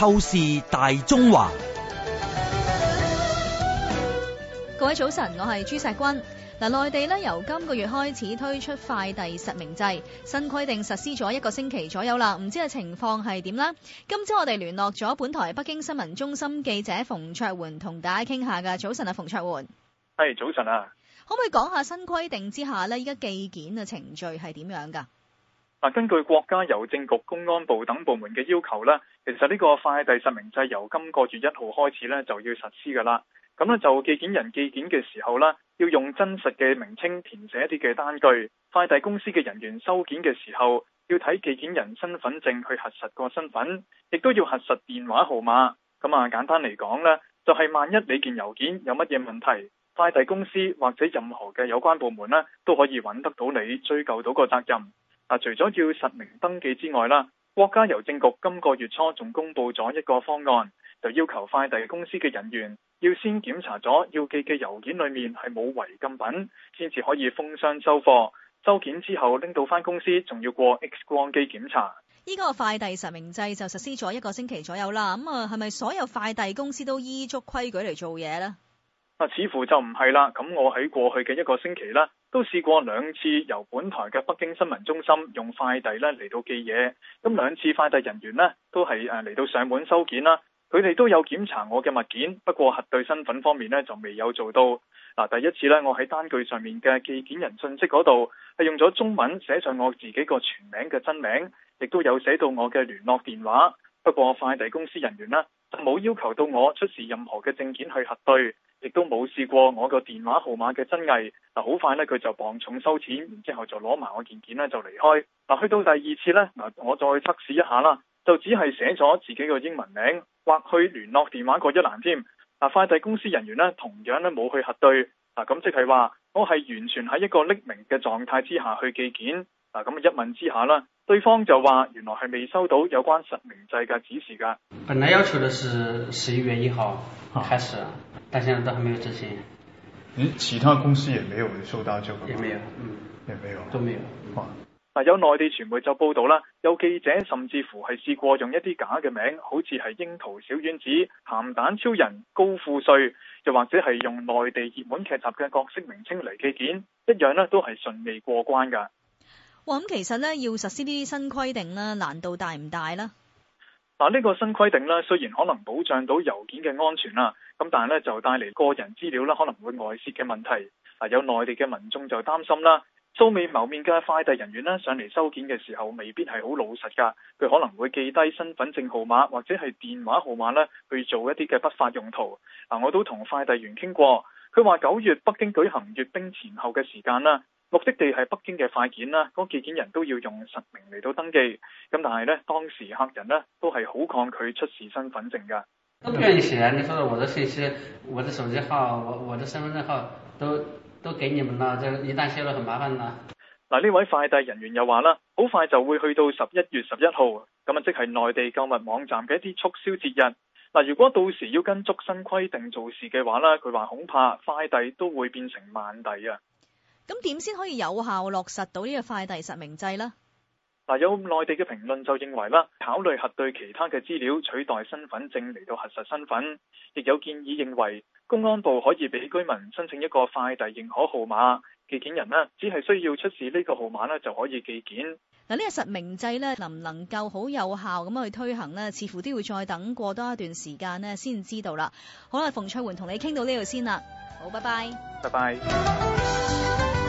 透視大中華，各位早晨，我係朱錫君。嗱，內地咧由今個月開始推出快遞實名制，新規定實施咗一個星期左右啦。唔知道情況係點啦？今朝我哋聯絡咗本台北京新聞中心記者馮卓垣，同大家傾下噶。早晨啊，馮卓垣，係早晨啊，可唔可以講下新規定之下呢？依家寄件嘅程序係點樣噶？根據國家郵政局、公安部等部門嘅要求呢，其實呢個快遞實名制由今個月一號開始咧，就要實施㗎啦。咁咧，就寄件人寄件嘅時候咧，要用真實嘅名稱填寫一啲嘅單據。快遞公司嘅人員收件嘅時候，要睇寄件人身份證去核實個身份，亦都要核實電話號碼。咁啊，簡單嚟講咧，就係萬一你件郵件有乜嘢問題，快遞公司或者任何嘅有關部門咧，都可以揾得到你追究到個責任。除咗要實名登記之外啦，國家郵政局今個月初仲公布咗一個方案，就要求快遞公司嘅人員要先檢查咗要寄嘅郵件裏面係冇違禁品，先至可以封箱收貨。收件之後拎到翻公司，仲要過 X 光機檢查。依個快遞實名制就實施咗一個星期左右啦。咁啊，係咪所有快遞公司都依足規矩嚟做嘢呢？啊，似乎就唔係啦。咁我喺過去嘅一個星期咧，都試過兩次由本台嘅北京新聞中心用快遞咧嚟到寄嘢，咁兩次快遞人員呢都係誒嚟到上門收件啦，佢哋都有檢查我嘅物件，不過核對身份方面呢就未有做到。嗱，第一次呢我喺單據上面嘅寄件人信息嗰度係用咗中文寫上我自己個全名嘅真名，亦都有寫到我嘅聯絡電話，不過快遞公司人員咧就冇要求到我出示任何嘅證件去核對。亦都冇試過我個電話號碼嘅真偽。嗱，好快呢，佢就磅重收錢，然之後就攞埋我件件呢就離開。嗱，去到第二次呢，嗱我再測試一下啦，就只係寫咗自己個英文名，或去聯絡電話嗰一欄添。嗱，快遞公司人員呢同樣呢冇去核對。嗱，咁即係話我係完全喺一個匿名嘅狀態之下去寄件。嗱，咁一問之下啦，對方就話原來係未收到有關實名制嘅指示㗎。本來要求嘅係十一月一號開始。但係都都還沒有執行、嗯，其他公司也沒有收到這個，也沒有，嗯，也沒有，都沒有。哇、啊啊！有內地傳媒就報道啦，有記者甚至乎係試過用一啲假嘅名字，好似係櫻桃小丸子、鹹蛋超人、高富帥，又或者係用內地熱門劇集嘅角色名稱嚟寄件，一樣呢都係順利過關噶。咁、哦嗯、其實咧要實施啲新規定啦，難度大唔大咧？嗱，呢個新規定呢，雖然可能保障到郵件嘅安全啦，咁但係呢，就帶嚟個人資料啦，可能會外泄嘅問題。有內地嘅民眾就擔心啦，素未謀面嘅快遞人員呢，上嚟收件嘅時候，未必係好老實噶，佢可能會記低身份證號碼或者係電話號碼呢，去做一啲嘅不法用途。嗱，我都同快遞員傾過，佢話九月北京舉行閱兵前後嘅時間啦。目的地係北京嘅快件啦，嗰寄件人都要用實名嚟到登記，咁但係咧當時客人呢都係好抗拒出示身份證噶。都不願意寫，你說我的信息、我的手機號，我我的身份證號都都給你們啦，這一旦泄露很麻煩啦。嗱，呢位快遞人員又話啦，好快就會去到十一月十一號，咁啊，即係內地購物網站嘅一啲促銷節日。嗱，如果到時要跟足新規定做事嘅話咧，佢話恐怕快遞都會變成慢遞啊。咁點先可以有效落實到呢個快遞實名制呢？嗱，有內地嘅評論就認為啦，考慮核對其他嘅資料取代身份證嚟到核實身份；亦有建議認為，公安部可以俾居民申請一個快遞認可號碼，寄件人呢，只係需要出示呢個號碼呢就可以寄件。嗱，呢個實名制呢，能唔能夠好有效咁去推行呢？似乎都要再等過多一段時間呢先知道啦。好啦，馮卓垣同你傾到呢度先啦。好，拜拜。拜拜。